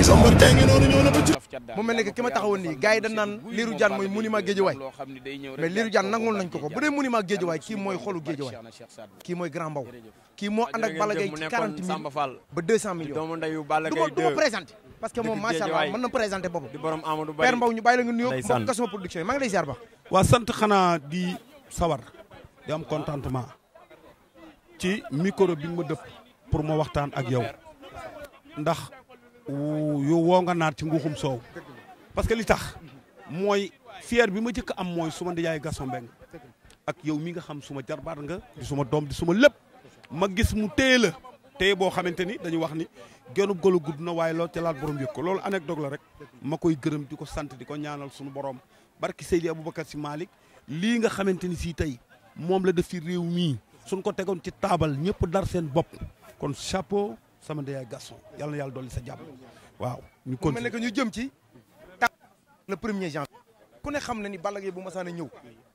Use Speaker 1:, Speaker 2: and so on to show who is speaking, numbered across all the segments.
Speaker 1: prison. mu mel ne que ki nii gars yi dañ naan Lirou Diane mooy monument Guédiawaye mais Lirou Diane nangul nañ ko ko bu dee monument Guédiawaye kii mooy xolu Guédiawaye kii mooy grand mbaw kii moo ànd ak Balla Gaye ci 40 mille ba 200 millions du ma du ma présenté. parce di borom ñu bàyyi la nga nuyoo. day sant Kasuma production maa ngi lay ziar ba. waa sant xanaa di sawar di contentement ci micro ma dëpp pour ma waxtaan ak yow ndax yu woo nga naat ci nguuxum soow parce que li tax mooy fier bi ma jëkk am mooy suma ndijaay Gaston Mbengue ak yow mi nga xam suma jarbaat nga di suma doom di suma lépp ma gis mu téye la téye boo xamante ni dañuy wax ni genub golo gudd na waaye loolu ca laat borom yëg ko loolu dog la rek ma koy gërëm di ko sant di ko ñaanal suñu borom barki Seydi Aboubacar Sy Malick lii nga xamante ni si tey moom la def ci réew mii suñ ko tegoon ci taabal ñëpp dar seen bopp sama ndeyaay Gaston yàlla na yàlla dolli sa jàmm waaw. ñu ko mel ne que ñu jëm ci. le premier janvier. ku ne xam na ni Balla Gaye bu ma saan ñëw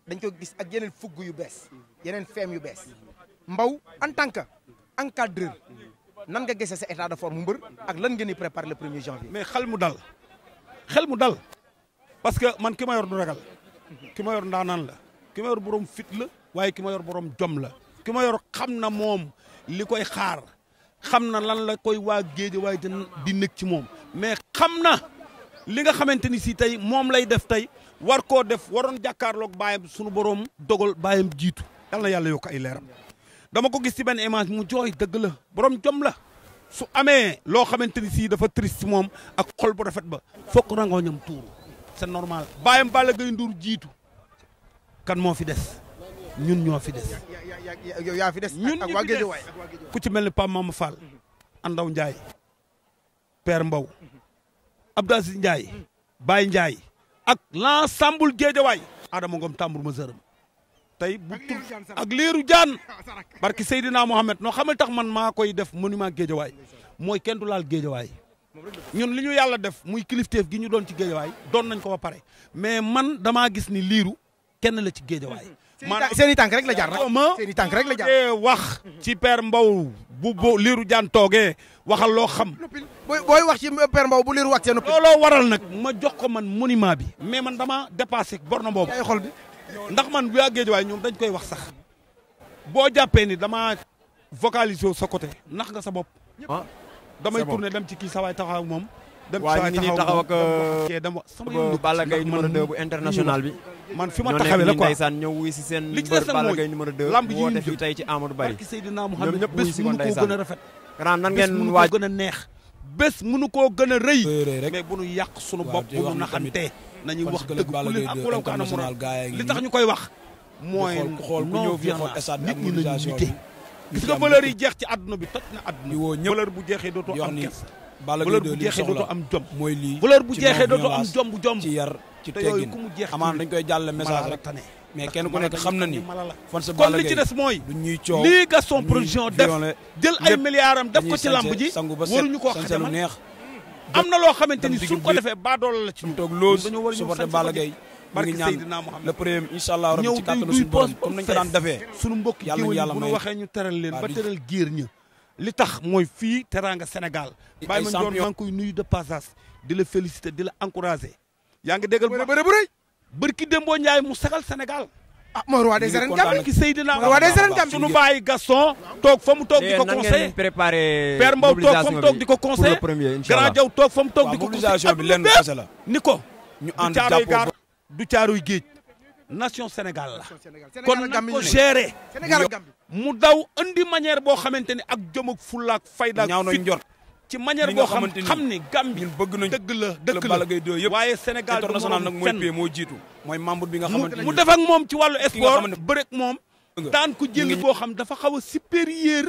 Speaker 1: dañ ko gis ak yeneen fugg yu bees yeneen feem yu bees mbaw en tant que encadreur nan nga gisee sa état de forme mbër ak lan ngeen di préparer le premier janvier. mais xel dal xel mu dal parce que man ki ma yor du ragal ki ma yor ndaanaan la ki yor borom fit la waaye ki ma yor borom jom la ki ma yor xam na moom li koy xaar. xam na lan la koy waa géej waaye di nekk ci moom mais xam na li nga xamante ni si tey moom lay def tey war koo def waroon jàkkaarloog baayam sunu boroom dogal baayam jiitu yal na yàlla yokk ay leeram dama ko gis ci benn image mu jooy dëgg la boroom jom la su amee loo xamante ni si dafa triste ci moom ak xol bu rafet ba fokk rangoo ñam tuur seen normal baayam Balla Gaye Ndour jiitu kan moo fi des ñun ñoo fi des. yow yaa fi des. ñun ñu fi des ku ci mel ni Pape Mama Fall. Andaw Ndiaye. Père Mbow. Abdou Aziz Ndiaye. Baye Ndiaye. ak l'ensemble Guédiawaye. Adama Ngom Tambour ma sërëm tey bu ak liiru jaan ah, barki Seydina Mohamed noo xamal tax man maa koy def monument Guédiawaye mooy kenn du laal Guédiawaye ñun li ñu yàlla def muy kilifteef gi ñu doon ci Guédiawaye doon nañ ko ba pare mais man damaa gis ni liiru kenn la ci géejawaay maanaam seen i tànk rek la jaar nag seen i tànk rek la jaar wax ci Père Mbow bu bu liiru jaan toogee waxal loo xam. booy wax ci Père Mbow bu liiru wàccee noppi. looloo waral nag ma jox ko man monument bi. mais man dama dépassé borne boobu. ay xol bi ndax man bu yàggee waaye ñoom dañ koy wax sax. boo jàppee ni damaa vocaliser sa côté ndax nga sa bopp. Ah. damay tourné dem ci kii sawaay taxaw moom. dem ci sawaay taxaw moom waaye ñu ngi taxaw ak. sama euh, bu international bi. man fi ma taxawee la quoi ndeysaan ñëw wuy seen mbër Balla Gaye numéro a rafet xanaa nan a neex bés mënu koo gën a rëy mais bu nu yàq sunu bopp bu nu naxantee nañuy wax dëgg ku leen ak ku law ko ana mu li tax ñu koy wax mooy non violence nit ñi nañu nite gis nga valeur yi jeex ci àdduna bi toj na àdduna valeur bu jeexee dootoo am kees valeur bu jeexee dootoo am jom valeur bu jeexee dootoo jom bu jom ci yar ci teggin amaan dañ koy jàll message rek mais kenn ku nekk na ni fan sa kon def jël ay milliards def ko ci lamb ji waruñu koo xajamal neex am na loo xamante ni suñ ko defee baadoola la ci toog loolu supporté Balla Gaye mu ngi ñaan le teral leen ba teral géer ña li tax mooy fii teraanga Sénégal bàyyi ma doon maa ngi koy nuyu de passage di la féliciter di yaa ngi déggal bëre bu rëy barki Dembo Ndiaye mu sagal Sénégal. ah mooy roi des arènes Gambie ki Seydina na des arènes Gambie sunu toog fa mu toog di ko conseillé Père Mbow toog fa mu toog di ko conseillé Grand Diaw toog fa mu toog di ko conseillé bi lenn kese la ni ko ñu ànd jàppoo du caaruy géej nation Sénégal la kon nañ ko géré mu daw indi manière boo xamante ni ak jom ak fulla ak fayda ak fit ci manière boo xam xam ni Gambie bëgg nañ dëgg la dëgk la ngay do yëpp waaye Sénégal international nag mooy moo jiitu mooy membre bi nga xamante mu def moom ci wàllu sport bërek moom daan ko jëli boo xam dafa xaw a supérieur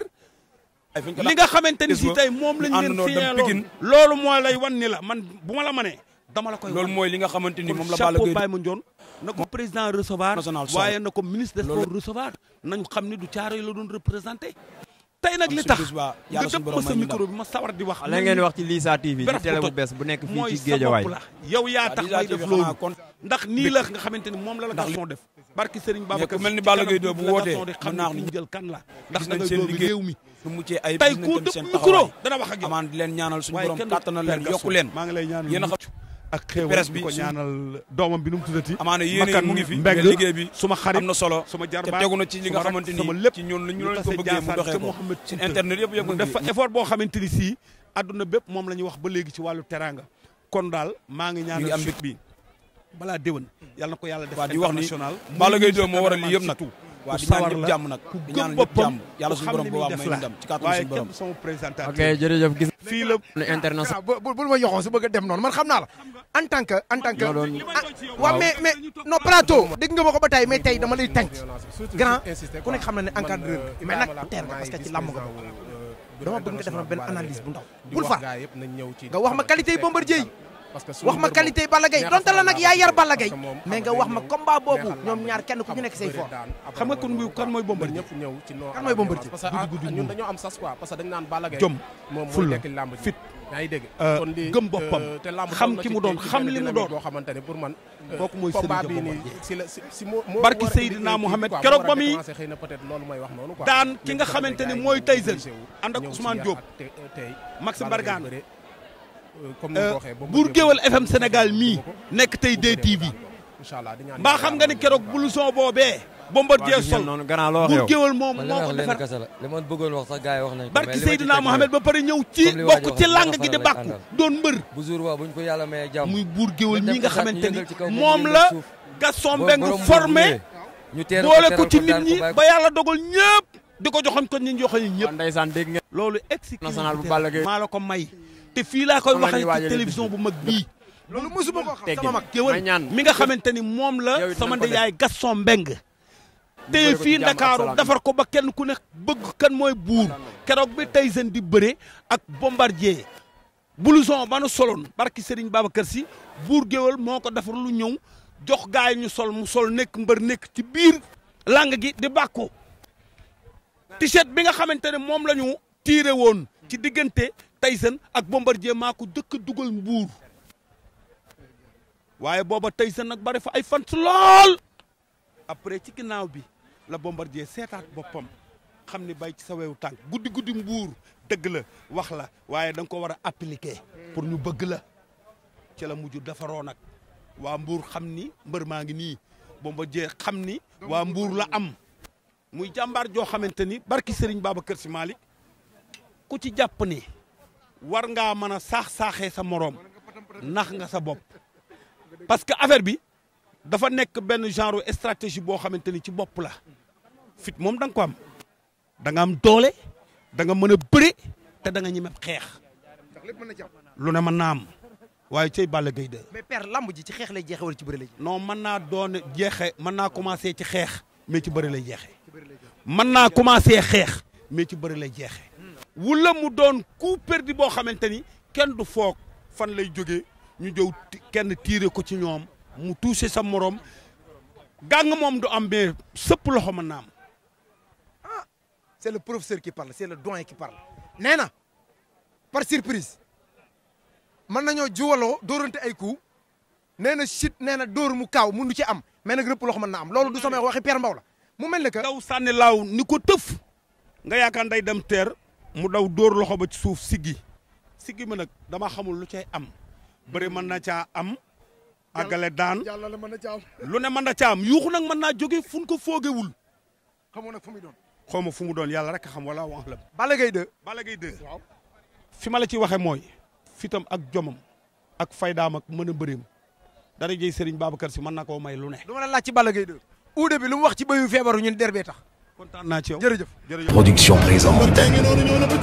Speaker 1: li nga xamante ni si tey moom lañ leen signé loolu mooy lay wan ni la man bu ma la mënee dama la koy loolu mooy li nga xamante ni moom la Balla Gaye Baye Mandione na ko président recevoir waaye na ko ministre des sports recevoir nañu xam ni du caaroy la doon représenté tey nag li tax nga dëpp ma sa micro bi ma sawar di wax. la ngeen wax ci Lissa TV ci télé bu bees bu nekk fii ci Géejawaay yow yaa tax may def loolu ndax nii nga xamante ni moom la la garçon def barki Serigne Babacar mel ni Balla Gaye doo bu wootee xam naa ñu jël kan la ndax na ngay doo muccee ay tey ku dëpp micro dana wax amaan di leen ñaanal suñu borom kàttanal leen yokku leen ak xéewal bi ko ñaanal doomam bi nu mu tuddati. amaana yéen mu ngi fi mbeg liggéey bi suma xarit am na solo suma jarbaat te tegu na ci li nga xamante ni ci ñun ñu lañ ko bëggee mu doxee ko ci internet yëpp yëpp dafa effort boo xamante ni sii adduna bépp moom la wax ba léegi ci wàllu teranga kon daal maa ngi ñaanal am bi balaa déwén yàlla na ko yàlla def international Balla Gaye 2 moo waral lii yëpp nag ku sawar la ku gëm boppam ku xam ne muy def la waaye képp sama présentateur. ok jërëjëf gis fii la. international ah, bu bu ma yoxoo bëgg a dem noonu man xam naa la en tant que en tant que. Ah, waaw mais mais non plateau. nga ma ko ba tey mais tey dama lay tànk grand ku nekk xam na ne encadreur euh, mais nag teer nga parce que ci làmb nga euh, dama bëgg nga defal benn analyse bu ndaw. bul faa nga wax ma qualité yi Bombardier wax ma qualité Balla donte la nag yaa yar Balla Gaye nga wax ma combat boobu ñoom ñaar kenn ku ñu nekk say fort xam nga kon muy kan mooy parce que ah ñun dañoo am sas quoi parce que dañ naan Balla Gaye jom moom fit euh, gëm boppam euh, xam ki mu doon xam li mu doon boo xamante ne pour man kooku euh, mooy barki Seydina Mohamed keroog ba muy daan ki nga xamante ne mooy Tyson ànd ak Ousmane Diop Maxime Bargane buur géwal FM Sénégal mii nekk tey DTV mbaa xam nga ni keroog blouson boobee Bombardier sol buur géwal moom moo ko defar li ma barki Seydina Mohamed ba pare ñëw ci bokk ci lang gi di bàkku doon mbër bu jour wa buñ ko yàlla mayee jàmm muy buur géwal mii nga xamante ni moom la Gaston Mbengue formé boole ko ci nit ñi ba yàlla dogal ñëpp di ko joxoñ ko ñi joxoñ ñëpp loolu ex national bu Balla Gaye maa la ko may te fii laa koy waxee ci télévision bu mag bii. loolu mosuma ko xam sama mag kéwal mi nga xamante ni moom la sama ndeyaay Gaston Mbengue. tey fii Ndakaaru defar ko ba kenn ku ne bëgg kan mooy buur keroog bi Tyson di bëre ak bombar Bombardier. blouson ba nu soloon barki Serigne Babacar Sy buur géwal moo ko defar lu ñëw jox gaay ñu sol mu sol nekk mbër nekk ci biir lang gi di bàkku t-shirt bi nga xamante ne moom lañu tiire woon ci diggante Tyson ak Bombardier maa dëkk dugal mbuur waaye booba Tyson nag bari fa ay fans lool après ci ginnaaw bi la Bombardier seetaat boppam xam ni bay ci sa wewu tànk guddi guddi mbuur dëgg la wax la waaye da ko war a appliquer pour ñu bëgg la ci la mujjur defaroo nag waa mbuur xam ni mbër maa ngi nii Bombardier xam ni waa mbuur la am muy jàmbaar joo xamante ni barki Serigne Babacar Sy Malick ku ci jàpp ni war ngaa mën a saax-saaxee sa moroom nax nga sa bopp parce que affaire bi dafa nekk benn genre stratégie boo xamante ni ci bopp la fit moom da nga ko am da nga am doole danga nga mën a bëre te da nga ñeme xeex lu ne mën naa am waaye cay Balla Gaye de mais lamb ji ci xeex lay jeexe wala ci bëre lay jeexe non mën naa doon jeexe mën naa commencé ci xeex mais ci bëre lay jeexe naa commencé xeex mais ci bëre lay jeexe wula mu doon coup perdu boo xamante ni kenn du foog fan lay jóge ñu jëw kenn tiire ko ci ñoom mu touché sa morom gàng moom du am mais sëpp loxo mën naa am. ah c'est le professeur qui parle c'est le doyen qui par nee na par surprise mën nañoo juwaloo dóorante ay ku nee na chute nee na dóor mu kaaw mënu ci am mais nag rëpp loxo mën naam am loolu du sama waxi Père Mbaw la mu mel ne que. daw sànni laaw ni ko tëf nga yaakaar day dem teer. mu daw dóor loxo ba ci suuf siggi siggi ma nag dama xamul lu cay am bëri mën na caa am agale daan lu ne mën na caa am yuuxu nag mën naa jóge fu ko foogewul xamoo nag fu muy doon xaw ma fu mu doon yàlla rek xam wala wax la Balla Gaye 2 Balla fi ma la ci waxe mooy fitam ak jomam ak faydaam ak mën a bëreem dara jëy Serigne Babacar si mën na koo may lu ne du ma la laaj ci Balla Gaye 2 uude bi lu mu wax ci béyu feebaru ñun derbee tax kontaan naa ci yow jërëjëf. production présente.